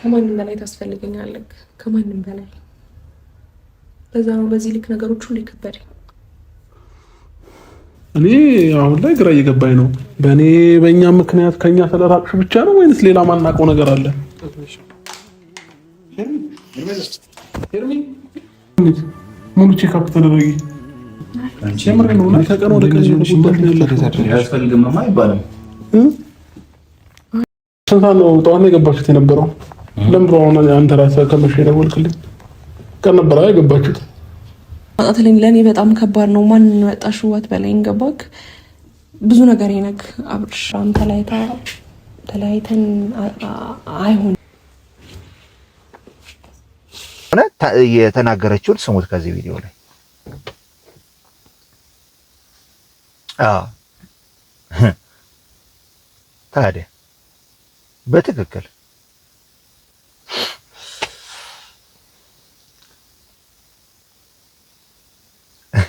ከማንም በላይ ታስፈልገኛለህ፣ ከማንም በላይ በዛ ነው። በዚህ ልክ ነገሮች ሁሉ ይከበድ። እኔ አሁን ላይ ግራ እየገባኝ ነው። በእኔ በእኛ ምክንያት ከኛ ስለራቅሽ ብቻ ነው ወይንስ ሌላ ማናውቀው ነገር አለ? ሙሉ ቼካፕ ተደረጊ። ስንት ነው ጠዋት የገባችሁት የነበረው? ለምብሮ አሁን አንተ ራስህ ከመሸ ደወልክልኝ። ቀን ነበር አይገባችሁት ማጣት ለኔ በጣም ከባድ ነው። ማን መጣሽ ዋት በላይን ገባክ ብዙ ነገር ይነግ አብርሽ አንተ ላይ ታ ተለያይተን አይሆን የተናገረችውን ስሙት ከዚህ ቪዲዮ ላይ ታዲያ በትክክል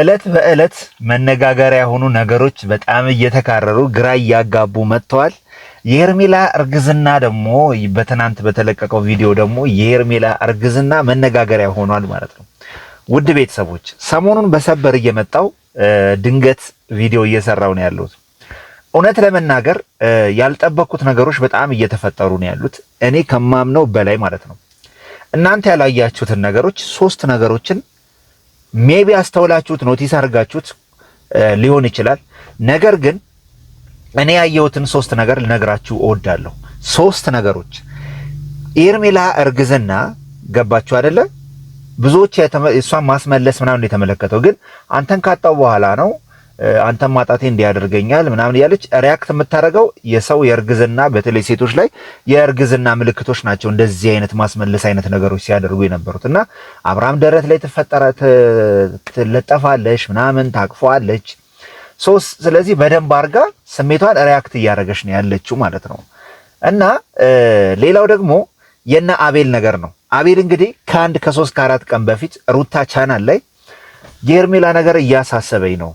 እለት በእለት መነጋገሪያ የሆኑ ነገሮች በጣም እየተካረሩ ግራ እያጋቡ መጥተዋል። የሄርሜላ እርግዝና ደግሞ በትናንት በተለቀቀው ቪዲዮ ደግሞ የሄርሜላ እርግዝና መነጋገሪያ ሆኗል ማለት ነው። ውድ ቤተሰቦች ሰሞኑን በሰበር እየመጣው ድንገት ቪዲዮ እየሰራው ነው ያለሁት እውነት ለመናገር ያልጠበኩት ነገሮች በጣም እየተፈጠሩ ነው ያሉት፣ እኔ ከማምነው በላይ ማለት ነው። እናንተ ያላያችሁትን ነገሮች ሶስት ነገሮችን ሜቢ አስተውላችሁት ኖቲስ አድርጋችሁት ሊሆን ይችላል። ነገር ግን እኔ ያየሁትን ሶስት ነገር ልነግራችሁ እወዳለሁ። ሶስት ነገሮች ኤርሜላ እርግዝና ገባችሁ አይደለም ብዙዎች እሷን ማስመለስ ምናምን የተመለከተው ግን አንተን ካጣው በኋላ ነው አንተ ማጣቴ እንዲያደርገኛል ምናምን እያለች ሪያክት የምታደርገው የሰው የእርግዝና በተለይ ሴቶች ላይ የእርግዝና ምልክቶች ናቸው። እንደዚህ አይነት ማስመለስ አይነት ነገሮች ሲያደርጉ የነበሩት እና አብርሃም ደረት ላይ ትፈጠራ ትለጠፋለች፣ ምናምን ታቅፏለች። ስለዚህ በደንብ አርጋ ስሜቷን ሪያክት እያደረገች ነው ያለችው ማለት ነው። እና ሌላው ደግሞ የነ አቤል ነገር ነው። አቤል እንግዲህ ከአንድ ከሶስት ከአራት ቀን በፊት ሩታ ቻናል ላይ የሄርሜላ ነገር እያሳሰበኝ ነው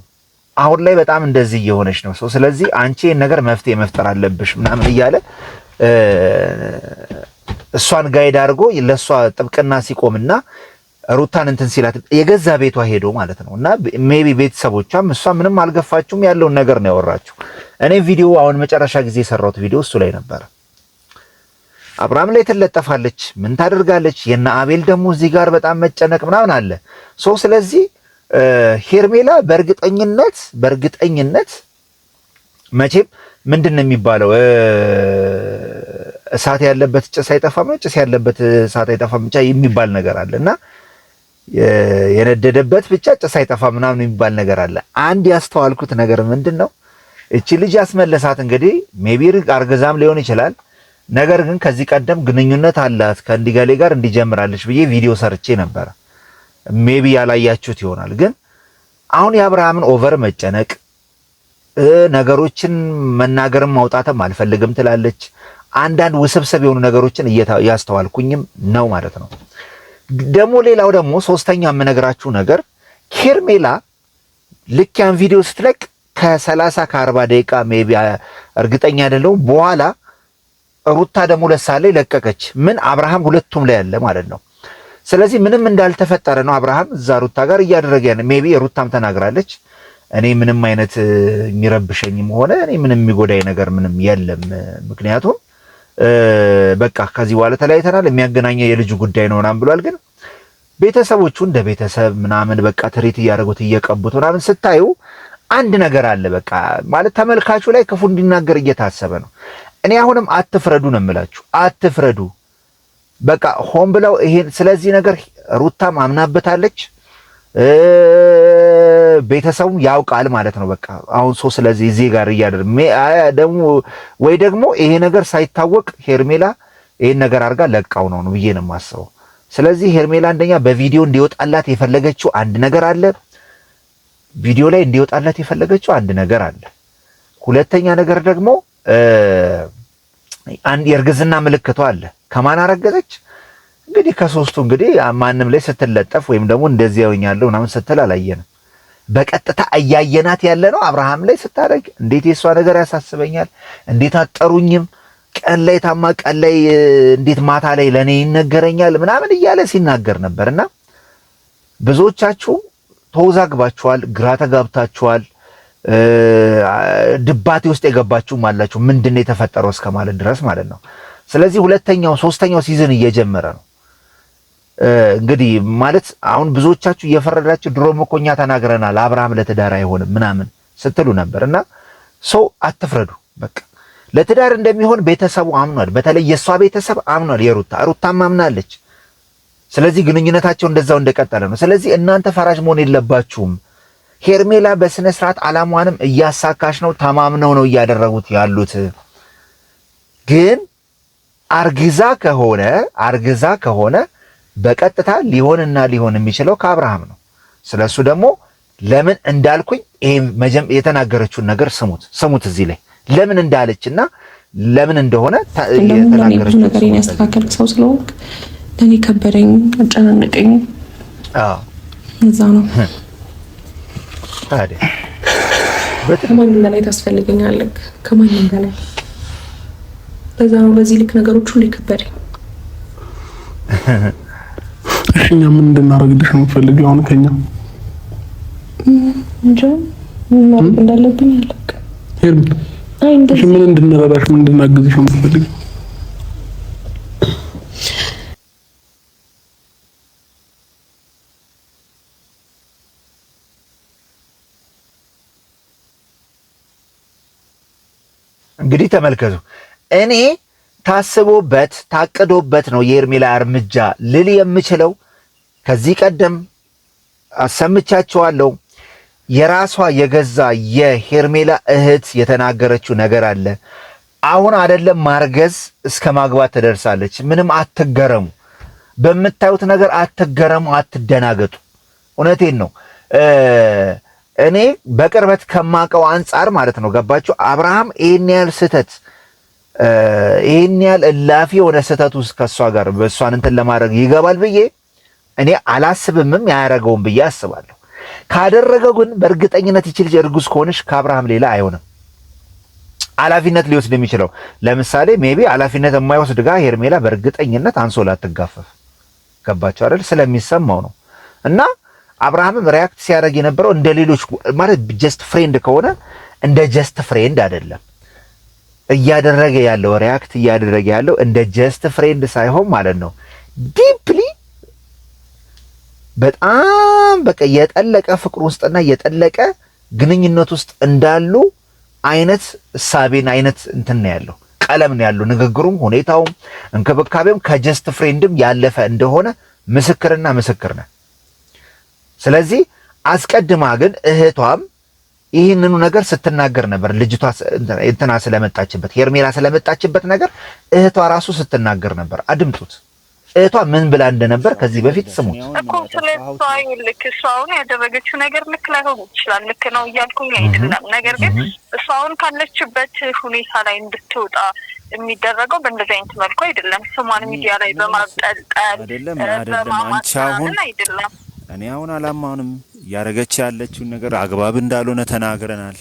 አሁን ላይ በጣም እንደዚህ እየሆነች ነው። ስለዚህ አንቺ ይህን ነገር መፍትሄ መፍጠር አለብሽ ምናምን እያለ እሷን ጋይድ አድርጎ ለእሷ ጥብቅና ሲቆምና ሩታን እንትን ሲላት የገዛ ቤቷ ሄዶ ማለት ነው። እና ሜቢ ቤተሰቦቿም እሷ ምንም አልገፋችሁም ያለውን ነገር ነው ያወራችሁ። እኔ ቪዲዮ አሁን መጨረሻ ጊዜ የሰራሁት ቪዲዮ እሱ ላይ ነበረ። አብርሃም ላይ ትለጠፋለች፣ ምን ታደርጋለች? የነ አቤል ደግሞ እዚህ ጋር በጣም መጨነቅ ምናምን አለ ሶ ስለዚህ ሄርሜላ በእርግጠኝነት በእርግጠኝነት መቼም ምንድን ነው የሚባለው እሳት ያለበት ጭስ አይጠፋም ነው ጭስ ያለበት እሳት አይጠፋም ብቻ የሚባል ነገር አለ እና የነደደበት ብቻ ጭስ አይጠፋም ምናምን የሚባል ነገር አለ። አንድ ያስተዋልኩት ነገር ምንድን ነው እቺ ልጅ ያስመለሳት እንግዲህ ሜቢ አርግዛም ሊሆን ይችላል። ነገር ግን ከዚህ ቀደም ግንኙነት አላት ከእንዲገሌ ጋር እንዲጀምራለች ብዬ ቪዲዮ ሰርቼ ነበረ። ሜቢ ያላያችሁት ይሆናል። ግን አሁን የአብርሃምን ኦቨር መጨነቅ ነገሮችን መናገርም ማውጣትም አልፈልግም ትላለች። አንዳንድ ውስብስብ የሆኑ ነገሮችን እያስተዋልኩኝም ነው ማለት ነው። ደግሞ ሌላው ደግሞ ሶስተኛ የምነግራችሁ ነገር ኬርሜላ ልክ ያን ቪዲዮ ስትለቅ ከሰላሳ ከአርባ ደቂቃ ሜቢ እርግጠኛ አይደለሁም በኋላ ሩታ ደግሞ ለሳለ ለቀቀች። ምን አብርሃም ሁለቱም ላይ ያለ ማለት ነው ስለዚህ ምንም እንዳልተፈጠረ ነው አብርሃም እዛ ሩታ ጋር እያደረገ ያለ። ሜቢ ሩታም ተናግራለች፣ እኔ ምንም አይነት የሚረብሸኝም ሆነ እኔ ምንም የሚጎዳኝ ነገር ምንም የለም። ምክንያቱም በቃ ከዚህ በኋላ ተለያይተናል፣ የሚያገናኘ የልጁ ጉዳይ ነው ምናምን ብሏል። ግን ቤተሰቦቹ እንደ ቤተሰብ ምናምን በቃ ትሪት እያደረጉት እየቀቡት ምናምን ስታዩ አንድ ነገር አለ። በቃ ማለት ተመልካቹ ላይ ክፉ እንዲናገር እየታሰበ ነው። እኔ አሁንም አትፍረዱ ነው የምላችሁ፣ አትፍረዱ በቃ ሆን ብለው ይሄን ስለዚህ ነገር ሩታም አምናበታለች፣ ቤተሰቡም ያውቃል ማለት ነው። በቃ አሁን ሶ ስለዚህ እዚህ ጋር እያደር ደግሞ ወይ ደግሞ ይሄ ነገር ሳይታወቅ ሄርሜላ ይሄን ነገር አድርጋ ለቃው ነው ነው ብዬ ነው የማስበው። ስለዚህ ሄርሜላ አንደኛ በቪዲዮ እንዲወጣላት የፈለገችው አንድ ነገር አለ። ቪዲዮ ላይ እንዲወጣላት የፈለገችው አንድ ነገር አለ። ሁለተኛ ነገር ደግሞ አንድ የእርግዝና ምልክቷ አለ። ከማን አረገዘች? እንግዲህ ከሶስቱ እንግዲህ ማንም ላይ ስትለጠፍ ወይም ደግሞ እንደዚህ ያውኛለሁ ምናምን ስትል አላየንም። በቀጥታ እያየናት ያለ ነው። አብርሃም ላይ ስታደርግ እንዴት የእሷ ነገር ያሳስበኛል፣ እንዴት አጠሩኝም፣ ቀን ላይ ታማ፣ ቀን ላይ እንዴት ማታ ላይ ለእኔ ይነገረኛል ምናምን እያለ ሲናገር ነበር እና ብዙዎቻችሁ ተወዛግባችኋል፣ ግራ ተጋብታችኋል፣ ድባቴ ውስጥ የገባችሁም አላችሁ። ምንድን ነው የተፈጠረው እስከ ማለት ድረስ ማለት ነው። ስለዚህ ሁለተኛው ሶስተኛው ሲዝን እየጀመረ ነው። እንግዲህ ማለት አሁን ብዙዎቻችሁ እየፈረዳችሁ ድሮም እኮ እኛ ተናግረናል አብርሃም ለትዳር አይሆንም ምናምን ስትሉ ነበር እና ሰው አትፍረዱ። በቃ ለትዳር እንደሚሆን ቤተሰቡ አምኗል። በተለይ የእሷ ቤተሰብ አምኗል። የሩታ ሩታም አምናለች። ስለዚህ ግንኙነታቸው እንደዛው እንደቀጠለ ነው። ስለዚህ እናንተ ፈራጅ መሆን የለባችሁም። ሄርሜላ በስነ ስርዓት አላሟንም እያሳካች ነው። ተማምነው ነው እያደረጉት ያሉት ግን አርግዛ ከሆነ አርግዛ ከሆነ በቀጥታ ሊሆንና ሊሆን የሚችለው ከአብርሃም ነው። ስለሱ ደግሞ ለምን እንዳልኩኝ ይሄ የተናገረችውን ነገር ስሙት ስሙት። እዚህ ላይ ለምን እንዳለችና ለምን እንደሆነ የተናገረችው ነገር ያስተካከልክ ሰው ስለሆንክ ከበደኝ፣ አጨናነቀኝ። እዛ ነው ታዲያ በማንም በላይ ታስፈልገኛለህ ከማንም በላይ ለዛ ነው በዚህ ልክ ነገሮች ሁሉ ይከበደኝ። እሺ እኛ ምን እንድናደርግልሽ ነው የምትፈልጊው? አሁን ከኛ እንጃ ምን ማድረግ እንዳለብኝ አላውቅም። ምን እንድንረዳሽ ምን እንድናግዝሽ ነው እንግዲህ ተመልከቱ እኔ ታስቦበት ታቅዶበት ነው የሄርሜላ እርምጃ ልል የምችለው። ከዚህ ቀደም አሰምቻቸዋለሁ። የራሷ የገዛ የሄርሜላ እህት የተናገረችው ነገር አለ። አሁን አደለም ማርገዝ እስከ ማግባት ትደርሳለች። ምንም አትገረሙ፣ በምታዩት ነገር አትገረሙ፣ አትደናገጡ። እውነቴን ነው። እኔ በቅርበት ከማውቀው አንጻር ማለት ነው። ገባችሁ? አብርሃም ይህን ያህል ስህተት ይህን ያህል እላፊ የሆነ ስህተት ውስጥ ከእሷ ጋር በእሷን እንትን ለማድረግ ይገባል ብዬ እኔ አላስብምም ያያረገውም ብዬ አስባለሁ። ካደረገው ግን በእርግጠኝነት ይቺ ልጅ እርጉዝ ከሆነች ከአብርሃም ሌላ አይሆንም ኃላፊነት ሊወስድ የሚችለው ለምሳሌ ሜቢ ኃላፊነት የማይወስድ ጋር ሄርሜላ በእርግጠኝነት አንሶ ላትጋፈፍ ገባቸው አይደል? ስለሚሰማው ነው። እና አብርሃምም ሪያክት ሲያደርግ የነበረው እንደ ሌሎች ማለት ጀስት ፍሬንድ ከሆነ እንደ ጀስት ፍሬንድ አይደለም። እያደረገ ያለው ሪያክት እያደረገ ያለው እንደ ጀስት ፍሬንድ ሳይሆን ማለት ነው ዲፕሊ በጣም በቃ የጠለቀ ፍቅር ውስጥና የጠለቀ ግንኙነት ውስጥ እንዳሉ አይነት እሳቤን አይነት እንትን ነው ያለው ቀለም ነው ያለው ንግግሩም ሁኔታውም እንክብካቤም ከጀስት ፍሬንድም ያለፈ እንደሆነ ምስክርና ምስክር ነው። ስለዚህ አስቀድማ ግን እህቷም ይህንኑ ነገር ስትናገር ነበር። ልጅቷ እንትና ስለመጣችበት ሄርሜላ ስለመጣችበት ነገር እህቷ ራሱ ስትናገር ነበር። አድምጡት። እህቷ ምን ብላ እንደነበር ከዚህ በፊት ስሙት እኮ ስለ እሷ ልክ እሷ አሁን ያደረገችው ነገር ልክ ላይሆን ይችላል። ልክ ነው እያልኩኝ አይደለም። ነገር ግን እሷ አሁን ካለችበት ሁኔታ ላይ እንድትወጣ የሚደረገው በእንደዚህ አይነት መልኩ አይደለም። ስሟን ሚዲያ ላይ በማብጠልጠል በማማጣ አይደለም። እኔ አሁን አላማውንም እያደረገች ያለችውን ነገር አግባብ እንዳልሆነ ተናግረናል።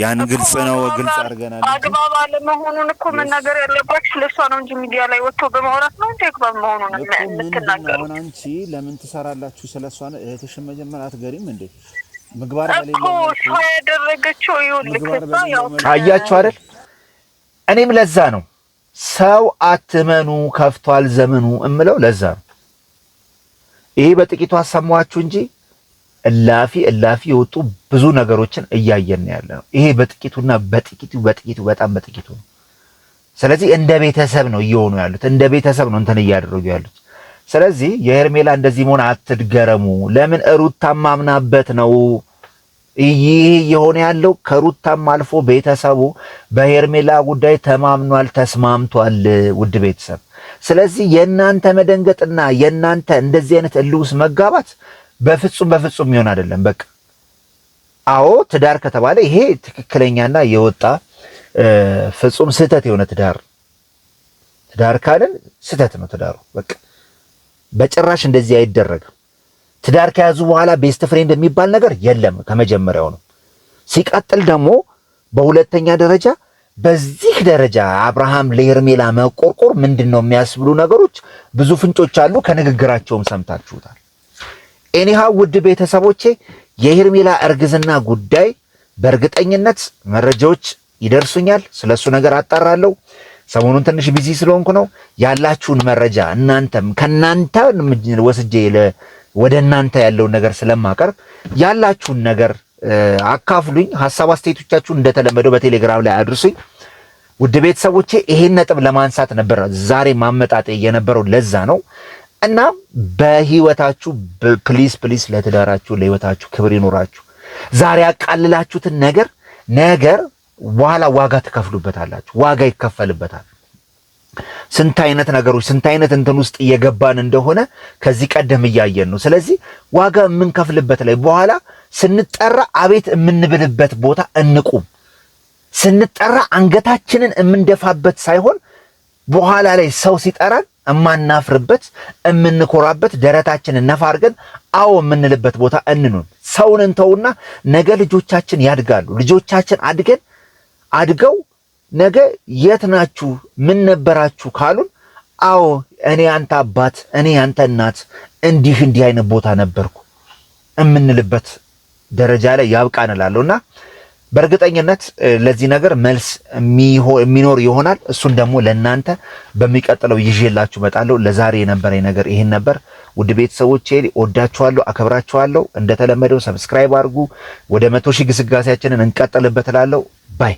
ያን ግልጽ ነው፣ ግልጽ አድርገናል። አግባብ አለመሆኑን እኮ መናገር ያለባች ለሷ ነው እንጂ ሚዲያ ላይ ወጥቶ በማውራት ነው እንጂ አግባብ መሆኑን የምትናገሩ። አሁን አንቺ ለምን ትሰራላችሁ? ስለ እሷ እህትሽን መጀመር አትገሪም እንዴ? ምግባር እኮ እሷ ያደረገችው ይኸውልህ፣ ያው ታያችሁ አይደል? እኔም ለዛ ነው ሰው አትመኑ፣ ከፍቷል ዘመኑ እምለው ለዛ ነው። ይሄ በጥቂቱ አሰማኋችሁ እንጂ እላፊ እላፊ የወጡ ብዙ ነገሮችን እያየን ያለ ነው። ይሄ በጥቂቱና በጥቂቱ በጥቂቱ በጣም በጥቂቱ ነው። ስለዚህ እንደ ቤተሰብ ነው እየሆኑ ያሉት፣ እንደ ቤተሰብ ነው እንትን እያደረጉ ያሉት። ስለዚህ የሄርሜላ እንደዚህ መሆን አትድገረሙ። ለምን ሩታ ማምናበት ነው ይህ የሆነ ያለው። ከሩታም አልፎ ቤተሰቡ በሄርሜላ ጉዳይ ተማምኗል፣ ተስማምቷል። ውድ ቤተሰብ፣ ስለዚህ የእናንተ መደንገጥና የእናንተ እንደዚህ አይነት እልውስ መጋባት በፍጹም በፍጹም የሚሆን አይደለም። በቃ አዎ ትዳር ከተባለ ይሄ ትክክለኛና የወጣ ፍጹም ስህተት የሆነ ትዳር ትዳር ካልን ስህተት ነው ትዳሩ። በቃ በጭራሽ እንደዚህ አይደረግም። ትዳር ከያዙ በኋላ ቤስት ፍሬንድ የሚባል ነገር የለም ከመጀመሪያው ነው። ሲቀጥል ደግሞ በሁለተኛ ደረጃ በዚህ ደረጃ አብርሃም ለሄርሜላ መቆርቆር ምንድን ነው የሚያስብሉ ነገሮች ብዙ ፍንጮች አሉ። ከንግግራቸውም ሰምታችሁታል። ኤኒሃ ውድ ቤተሰቦቼ የሄርሜላ እርግዝና ጉዳይ በእርግጠኝነት መረጃዎች ይደርሱኛል። ስለሱ ነገር አጣራለሁ። ሰሞኑን ትንሽ ቢዚ ስለሆንኩ ነው። ያላችሁን መረጃ እናንተም ከእናንተ ወስጄ ወደ እናንተ ያለውን ነገር ስለማቀርብ ያላችሁን ነገር አካፍሉኝ። ሀሳብ አስተያየቶቻችሁን እንደተለመደው በቴሌግራም ላይ አድርሱኝ። ውድ ቤተሰቦቼ ይሄን ነጥብ ለማንሳት ነበር ዛሬ ማመጣጤ የነበረው ለዛ ነው። እና በህይወታችሁ ፕሊስ ፕሊስ ለትዳራችሁ ለህይወታችሁ ክብር ይኖራችሁ። ዛሬ ያቃልላችሁትን ነገር ነገር በኋላ ዋጋ ትከፍሉበታላችሁ። ዋጋ ይከፈልበታል። ስንት አይነት ነገሮች ስንት አይነት እንትን ውስጥ እየገባን እንደሆነ ከዚህ ቀደም እያየን ነው። ስለዚህ ዋጋ የምንከፍልበት ላይ በኋላ ስንጠራ አቤት የምንብልበት ቦታ እንቁም። ስንጠራ አንገታችንን የምንደፋበት ሳይሆን በኋላ ላይ ሰው ሲጠራን እማናፍርበት እምንኮራበት ደረታችንን ነፋ አድርገን አዎ የምንልበት ቦታ እንኑን። ሰውን እንተውና ነገ ልጆቻችን ያድጋሉ። ልጆቻችን አድገን አድገው ነገ የት ናችሁ ምን ነበራችሁ ካሉን፣ አዎ እኔ ያንተ አባት እኔ ያንተ እናት እንዲህ እንዲህ አይነት ቦታ ነበርኩ እምንልበት ደረጃ ላይ ያብቃን እላለሁና በእርግጠኝነት ለዚህ ነገር መልስ የሚኖር ይሆናል። እሱን ደግሞ ለእናንተ በሚቀጥለው ይዤላችሁ እመጣለሁ። ለዛሬ የነበረኝ ነገር ይህን ነበር። ውድ ቤተሰቦቼ ወዳችኋለሁ፣ አከብራችኋለሁ። እንደተለመደው ሰብስክራይብ አድርጉ። ወደ መቶ ሺህ ግስጋሴያችንን እንቀጥልበት እላለሁ። ባይ